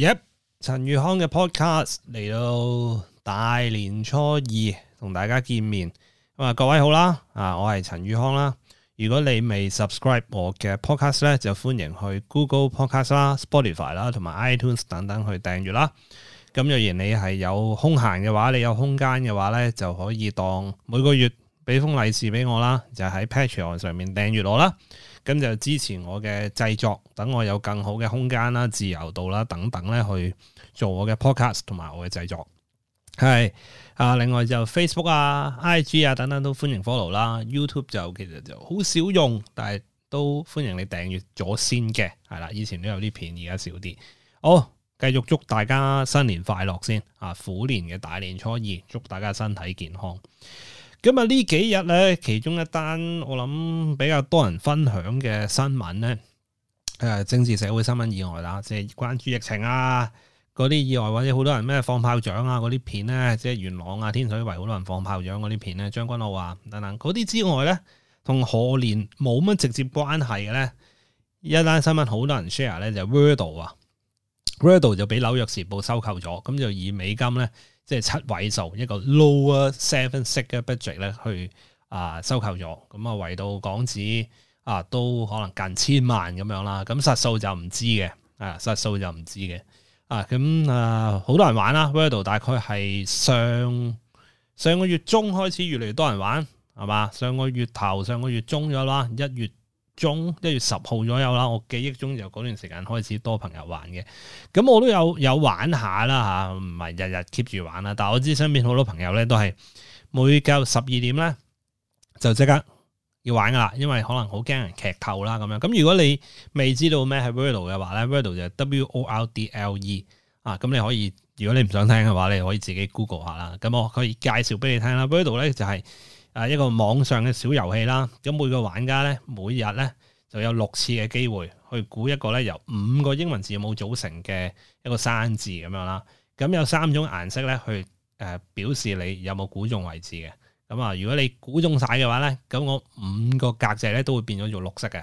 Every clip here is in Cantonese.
Yep，陳宇康嘅 podcast 嚟到大年初二同大家見面，咁啊各位好啦，啊我係陳宇康啦。如果你未 subscribe 我嘅 podcast 咧，就歡迎去 Google podcast 啦、Spotify 啦同埋 iTunes 等等去訂閱啦。咁若然你係有空閒嘅話，你有空間嘅話咧，就可以當每個月。俾封利是俾我啦，就喺 Patreon 上面訂閱我啦，咁就支持我嘅製作，等我有更好嘅空間啦、自由度啦等等咧去做我嘅 podcast 同埋我嘅製作。係啊，另外就 Facebook 啊、IG 啊等等都歡迎 follow 啦、啊。YouTube 就其實就好少用，但係都歡迎你訂閱咗先嘅。係啦，以前都有啲便宜，而家少啲。好，繼續祝大家新年快樂先啊！虎年嘅大年初二，祝大家身體健康。今日呢幾日咧，其中一單我諗比較多人分享嘅新聞咧，誒、呃，政治社會新聞以外啦，即係關注疫情啊，嗰啲以外或者好多人咩放炮仗啊，嗰啲片咧，即係元朗啊、天水圍好多人放炮仗嗰啲片咧，將軍澳啊等等，嗰啲之外咧，同賀年冇乜直接關係嘅咧，一單新聞好多人 share 咧，就 Wordle 啊，Wordle 就俾紐約時報收購咗，咁就以美金咧。即係七位數一個 lower seven six budget 咧，去啊收購咗，咁啊圍到港紙啊都可能近千萬咁樣啦，咁、啊、實數就唔知嘅，啊實數就唔知嘅，啊咁啊好多人玩啦，Wordle 大概係上上個月中開始越嚟越多人玩，係嘛？上個月頭、上個月中咗啦，一月。中一月十號左右啦，我記憶中就嗰段時間開始多朋友玩嘅，咁我都有有玩下啦吓，唔係日日 keep 住玩啦。但係我知身邊好多朋友咧都係每到十二點咧就即刻要玩噶啦，因為可能好驚人劇透啦咁樣。咁如果你未知道咩係 Wordle 嘅話咧，Wordle 就 W O R D L E 啊，咁你可以如果你唔想聽嘅話，你可以自己 Google 下啦。咁我可以介紹俾你聽啦，Wordle 咧就係、是。啊！一個網上嘅小遊戲啦，咁每個玩家咧，每日咧就有六次嘅機會去估一個咧由五個英文字母組成嘅一個生字咁樣啦。咁有三種顏色咧去誒、呃、表示你有冇估中位置嘅。咁啊，如果你估、呃、中晒嘅話咧，咁我五個格仔咧都會變咗做綠色嘅。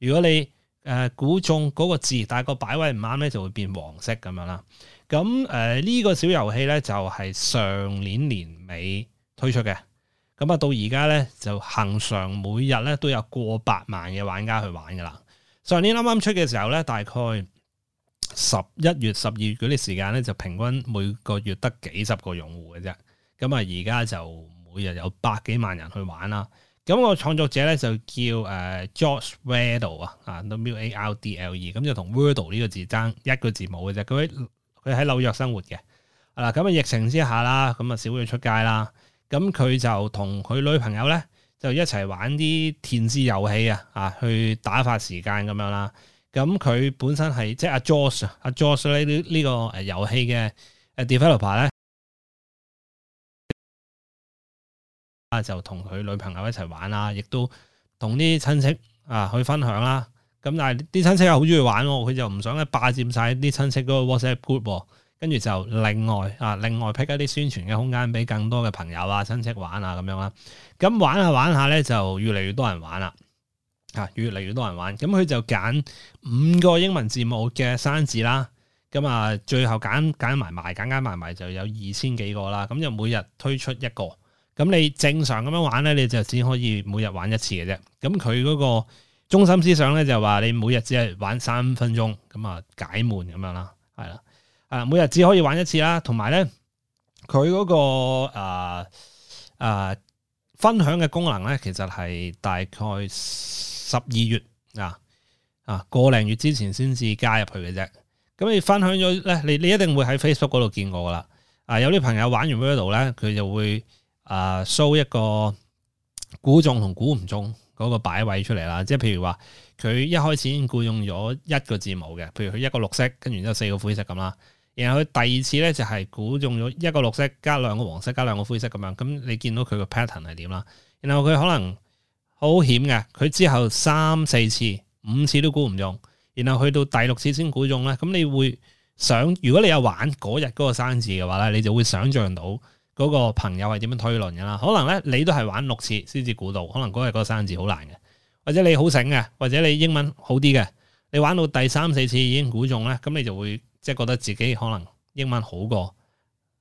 如果你誒估中嗰個字，但係個擺位唔啱咧，就會變黃色咁樣啦。咁誒呢個小遊戲咧就係、是、上年年尾推出嘅。咁啊，到而家咧就恒常每日咧都有過百萬嘅玩家去玩噶啦。上年啱啱出嘅時候咧，大概十一月、十二月嗰啲時間咧，就平均每個月得幾十個用戶嘅啫。咁啊，而家就每日有百幾萬人去玩啦。咁個創作者咧就叫誒，Josh Wardle 啊，啊，The Mule A R D L E，咁就同 Wordle 呢個字爭一個字母嘅啫。佢佢喺紐約生活嘅。啊，咁啊，疫情之下啦，咁啊，少咗出街啦。咁佢就同佢女朋友咧，就一齊玩啲填字遊戲啊，啊，去打發時間咁樣啦。咁、啊、佢本身係即係阿 Josh，阿 Josh 呢呢、啊就是這個誒、這個、遊戲嘅誒 developer 咧，就同佢女朋友一齊玩啦，亦、啊、都同啲親戚啊去分享啦。咁、啊、但係啲親戚又好中意玩喎，佢就唔想咧霸佔晒啲親戚嗰個 WhatsApp group 喎。跟住就另外啊，另外闢一啲宣傳嘅空間俾更多嘅朋友啊、親戚玩啊，咁樣啦。咁玩下玩下咧，就越嚟越多人玩啦，啊，越嚟越多人玩。咁佢就揀五個英文字母嘅生字啦。咁、嗯、啊，最後揀揀埋埋，揀揀埋埋就有二千幾個啦。咁就每日推出一個。咁你正常咁樣玩咧，你就只可以每日玩一次嘅啫。咁佢嗰個中心思想咧，就話、是、你每日只係玩三分鐘，咁、嗯、啊解悶咁樣啦，係啦。啊，每日只可以玩一次啦，同埋咧，佢嗰、那個啊啊、呃呃、分享嘅功能咧，其實係大概十二月嗱啊個零月之前先至加入去嘅啫。咁你分享咗咧，你你一定會喺 Facebook 嗰度見過噶啦。啊，有啲朋友玩完 Wordle 咧，佢就會啊、呃、show 一個估中同估唔中嗰個擺位出嚟啦。即係譬如話，佢一開始已經估中咗一個字母嘅，譬如佢一個綠色，跟住之後四個灰色咁啦。然後佢第二次咧就係、是、估中咗一個綠色加兩個黃色加兩個灰色咁樣，咁、嗯、你見到佢個 pattern 係點啦？然後佢可能好險嘅，佢之後三四次、五次都估唔中，然後去到第六次先估中咧。咁、嗯、你會想，如果你有玩嗰日嗰個生字嘅話咧，你就會想象到嗰個朋友係點樣推論嘅啦。可能咧你都係玩六次先至估到，可能嗰日嗰個生字好難嘅，或者你好醒嘅，或者你英文好啲嘅，你玩到第三四次已經估中咧，咁、嗯、你就會。即係覺得自己可能英文好過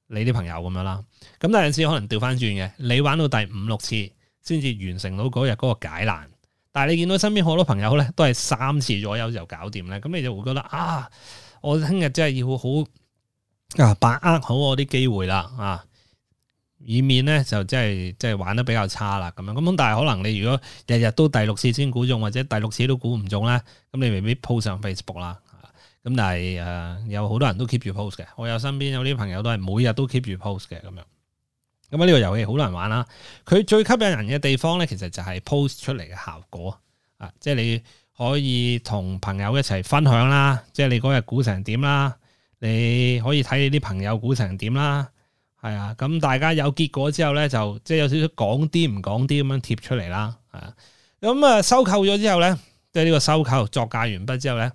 你啲朋友咁樣啦，咁但係有陣時可能調翻轉嘅，你玩到第五六次先至完成到嗰日嗰個解難，但係你見到身邊好多朋友咧都係三次左右就搞掂咧，咁你就會覺得啊，我聽日真係要好啊把握好我啲機會啦啊，以免咧就即係即係玩得比較差啦咁樣。咁但係可能你如果日日都第六次先估中或者第六次都估唔中咧，咁你未必鋪上 Facebook 啦。咁但係誒、呃，有好多人都 keep 住 post 嘅，我有身邊有啲朋友都係每日都 keep 住 post 嘅咁樣。咁、嗯、啊、呢，這個遊戲好多人玩啦，佢最吸引人嘅地方咧，其實就係 post 出嚟嘅效果啊，即係你可以同朋友一齊分享啦，即係你嗰日估成點啦，你可以睇你啲朋友估成點啦，係啊，咁、嗯、大家有結果之後咧，就即係有少少講啲唔講啲咁樣貼出嚟啦，啊，咁、嗯、啊收購咗之後咧，即係呢個收購作價完畢之後咧。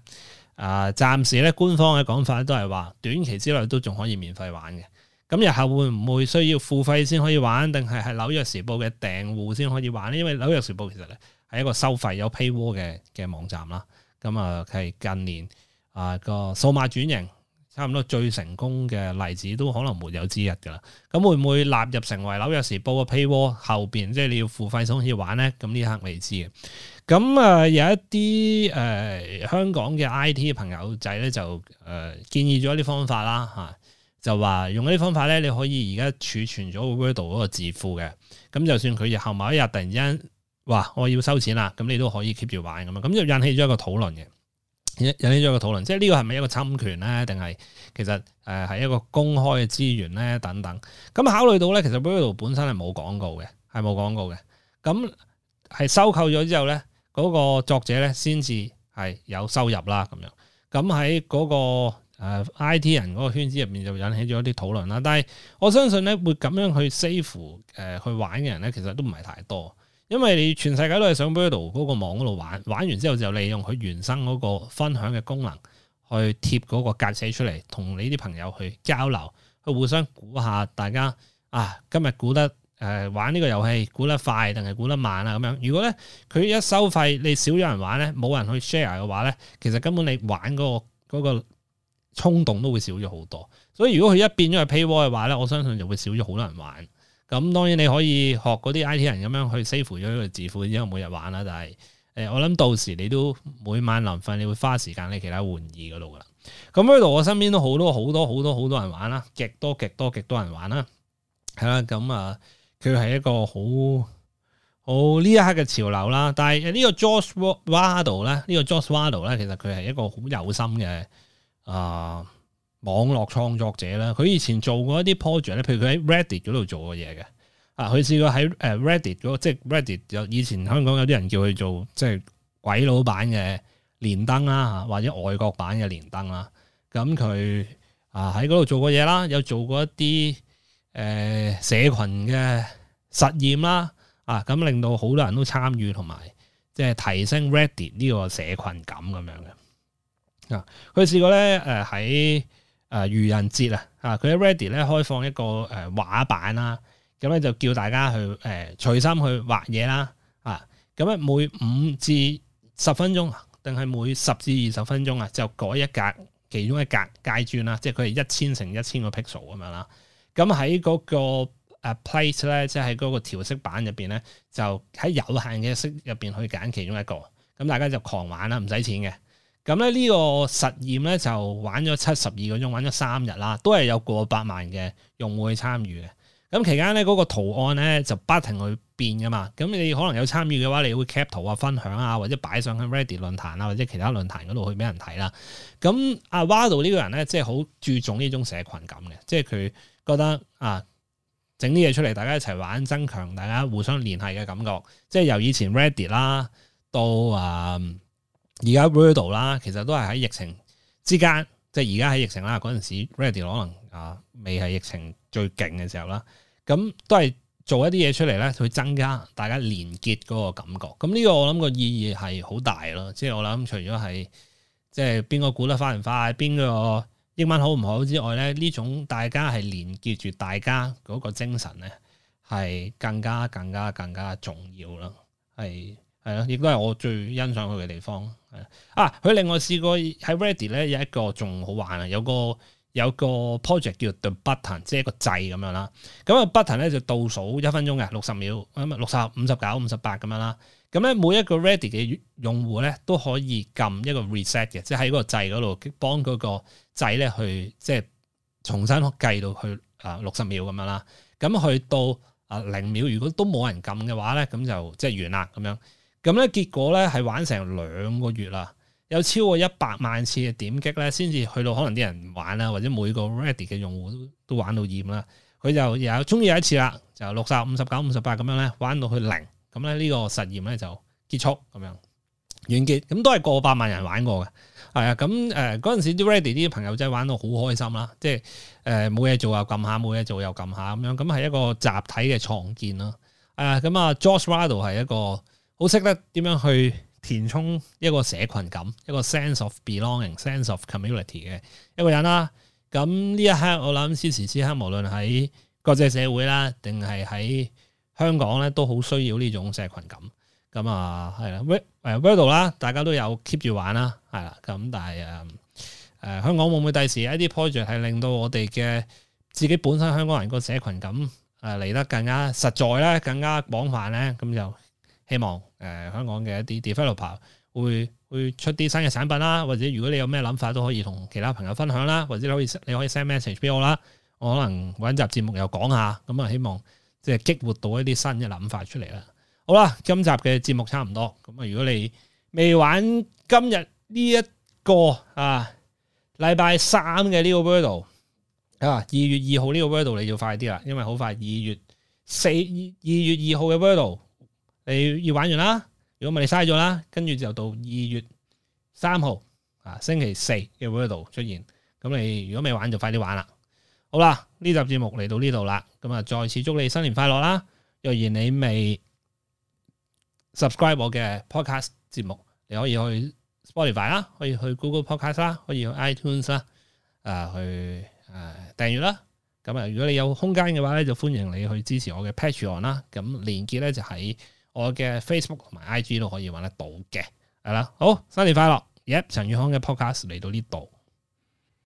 啊，暫時咧官方嘅講法都係話，短期之內都仲可以免費玩嘅。咁、嗯、日後會唔會需要付費先可以玩，定係係紐約時報嘅訂戶先可以玩咧？因為紐約時報其實咧係一個收費有 paywall 嘅嘅網站啦。咁、嗯、啊，係近年啊個數碼轉型差唔多最成功嘅例子都可能冇有之一㗎啦。咁、嗯、會唔會納入成為紐約時報嘅 paywall 後邊，即係你要付費先可以玩呢？咁、嗯、呢一刻未知嘅。咁啊，有一啲誒、呃、香港嘅 IT 朋友仔咧，就誒、呃、建議咗啲方法啦嚇、啊，就話用一啲方法咧，你可以而家儲存咗 Wordle 嗰個字庫嘅，咁就算佢後某一日突然之間話我要收錢啦，咁你都可以 keep 住玩咁啊，咁就引起咗一個討論嘅，引起咗一個討論，即係呢個係咪一個侵權咧，定係其實誒係、呃、一個公開嘅資源咧等等。咁考慮到咧，其實 Wordle 本身係冇廣告嘅，係冇廣告嘅，咁係收購咗之後咧。嗰個作者咧，先至係有收入啦，咁樣。咁喺嗰個、啊、IT 人嗰個圈子入面，就引起咗一啲討論啦。但係我相信咧，會咁樣去 save 誒、呃、去玩嘅人咧，其實都唔係太多，因為你全世界都係上 Wordle 嗰個網嗰度玩，玩完之後就利用佢原生嗰個分享嘅功能，去貼嗰個格寫出嚟，同你啲朋友去交流，去互相估下大家啊，今日估得，誒、呃，玩呢個遊戲，估得快定係估得慢啦、啊，咁樣。如果咧，佢一收費，你少咗人玩咧，冇人去 share 嘅話咧，其實根本你玩嗰、那個嗰、那個衝動都會少咗好多。所以如果佢一變咗係 paywall 嘅話咧，我相信就會少咗好多人玩。咁、嗯、當然你可以學嗰啲 IT 人咁樣去 save 咗一個賬戶，因為每日玩啦。但係誒、呃，我諗到時你都每晚臨瞓，你會花時間喺其他玩意嗰度噶啦。咁呢度，我身邊都好多好多好多好多人玩啦，極多極多極多、極多人玩啦，係啦，咁啊。啊啊啊啊佢係一個好好呢一刻嘅潮流啦，但係呢個 Josh Wardle 咧，呢個 Josh Wardle 咧，其實佢係一個好有心嘅啊、呃、網絡創作者啦。佢以前做過一啲 project 咧，譬如佢喺 Reddit 嗰度做過嘢嘅啊，佢試過喺誒、呃、Reddit 嗰度即係 Reddit 有以前香港有啲人叫佢做即係鬼佬版嘅連登啦，或者外國版嘅連登啦。咁佢啊喺嗰度做過嘢啦，有做過一啲。誒，社群嘅實驗啦，啊，咁令到好多人都參與同埋，即係提升 Reddit 呢個社群感咁樣嘅。啊，佢試過咧，誒喺誒愚人節啊，啊，佢喺 Reddit 咧開放一個誒畫板啦，咁咧就叫大家去誒呃、隨心去畫嘢啦，啊，咁咧每五至十分鐘啊，定係每十至二十分鐘啊，就改一格，其中一格街磚啦，即係佢係一千乘一千個 pixel 咁樣啦。咁喺嗰個 place 咧，即係喺嗰個調色板入邊咧，就喺有限嘅色入邊去揀其中一個。咁大家就狂玩啦，唔使錢嘅。咁咧呢個實驗咧就玩咗七十二個鐘，玩咗三日啦，都係有過百萬嘅用戶去參與嘅。咁期間咧嗰個圖案咧就不停去變噶嘛。咁你可能有參與嘅話，你會 cap 圖啊、分享啊，或者擺上去 Reddit 論壇啊，或者其他論壇嗰度去俾人睇啦。咁阿 Wardle 呢個人咧，即係好注重呢種社群感嘅，即係佢。覺得啊，整啲嘢出嚟，大家一齊玩，增強大家互相聯繫嘅感覺，即係由以前 Ready 啦，到啊而家 Wordle 啦，其實都係喺疫情之間，即係而家喺疫情啦嗰陣時，Ready 可能啊未係疫情最勁嘅時候啦，咁、啊、都係做一啲嘢出嚟咧，去增加大家連結嗰個感覺。咁呢個我諗個意義係好大咯，即係我諗除咗係即係邊個估得翻唔快，邊個。英文好唔好之外咧，呢種大家係連結住大家嗰個精神咧，係更加更加更加重要咯。係係咯，亦都係我最欣賞佢嘅地方。係啊，佢另外試過喺 Ready 咧有一個仲好玩啊，有個有個 project 叫做 The Button，即係一個掣咁樣啦。咁個 Button 咧就倒數一分鐘嘅，六十秒咁啊，六十、五十九、五十八，咁樣啦。咁咧，每一個 ready 嘅用戶咧，都可以撳一個 reset 嘅，即係喺個掣嗰度幫嗰個掣咧去即係重新計到去啊六十秒咁樣啦。咁去到啊零秒，如果都冇人撳嘅話咧，咁就即係完啦咁樣。咁咧結果咧係玩成兩個月啦，有超過一百萬次嘅點擊咧，先至去到可能啲人玩啦，或者每個 ready 嘅用戶都玩到厭啦。佢就有終於有一次啦，就六十五十九五十八咁樣咧，玩到去零。咁咧呢個實驗咧就結束咁樣完結，咁都係過百萬人玩過嘅，係、嗯、啊。咁誒嗰陣時啲 ready 啲朋友仔玩到好開心啦，即係誒冇嘢做又撳下，冇嘢做又撳下咁樣，咁、嗯、係一個集體嘅創建咯。誒咁啊，Joshua 都係一個好識得點樣去填充一個社群感，一個 sense of belonging，sense of community 嘅一個人啦。咁、嗯、呢一刻我諗，此時此刻無論喺國際社會啦，定係喺。香港咧都好需要呢種社群感，咁啊係啦，Wordle 啦，大家都有 keep 住玩啦，係、嗯、啦，咁但係誒誒香港會唔會第時一啲 project 係令到我哋嘅自己本身香港人個社群感誒嚟得更加實在咧，更加廣泛咧，咁、嗯、就、嗯、希望誒、嗯、香港嘅一啲 developer 會會出啲新嘅產品啦，或者如果你有咩諗法都可以同其他朋友分享啦，或者你可以你可以 send message 俾我啦，我可能揾集節目又講下，咁、嗯、啊希望。即係激活到一啲新嘅諗法出嚟啦。好啦，今集嘅節目差唔多。咁啊，如果你未玩今日呢一個啊禮拜三嘅呢個 Wordle 啊二月二號呢個 Wordle 你要快啲啦，因為好快二月四二二月二號嘅 Wordle 你要要玩完啦。如果唔係你嘥咗啦，跟住就到二月三號啊星期四嘅 Wordle 出現。咁你如果未玩就快啲玩啦。好啦，呢集節目嚟到呢度啦，咁啊，再次祝你新年快樂啦！若然你未 subscribe 我嘅 podcast 節目，你可以去 Spotify 啦，可以去 Google Podcast 啦，可以去 iTunes 啦，誒、呃，去誒、呃、訂閱啦。咁啊，如果你有空間嘅話咧，就歡迎你去支持我嘅 Patreon 啦。咁連結咧就喺我嘅 Facebook 同埋 IG 都可以揾得到嘅，係啦。好，新年快樂！Yep，陳宇康嘅 podcast 嚟到呢度。